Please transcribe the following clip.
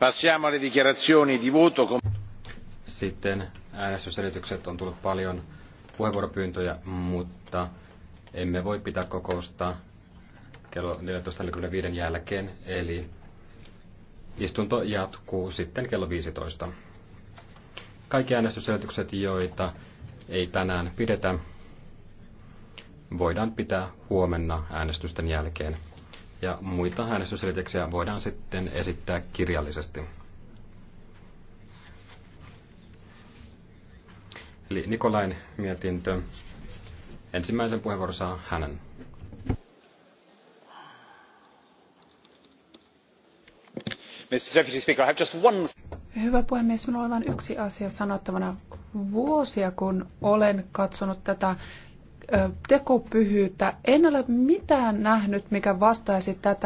Passiamo alle dichiarazioni di voto. Sitten äänestysselitykset on tullut paljon puheenvuoropyyntöjä, mutta emme voi pitää kokousta kello 14.45 jälkeen, eli istunto jatkuu sitten kello 15. Kaikki äänestysselitykset, joita ei tänään pidetä, voidaan pitää huomenna äänestysten jälkeen ja muita äänestysselityksiä voidaan sitten esittää kirjallisesti. Eli Nikolain mietintö. Ensimmäisen puheenvuoron saa hänen. Hyvä puhemies, minulla on vain yksi asia sanottavana. Vuosia kun olen katsonut tätä tekopyhyyttä. En ole mitään nähnyt, mikä vastaisi tätä.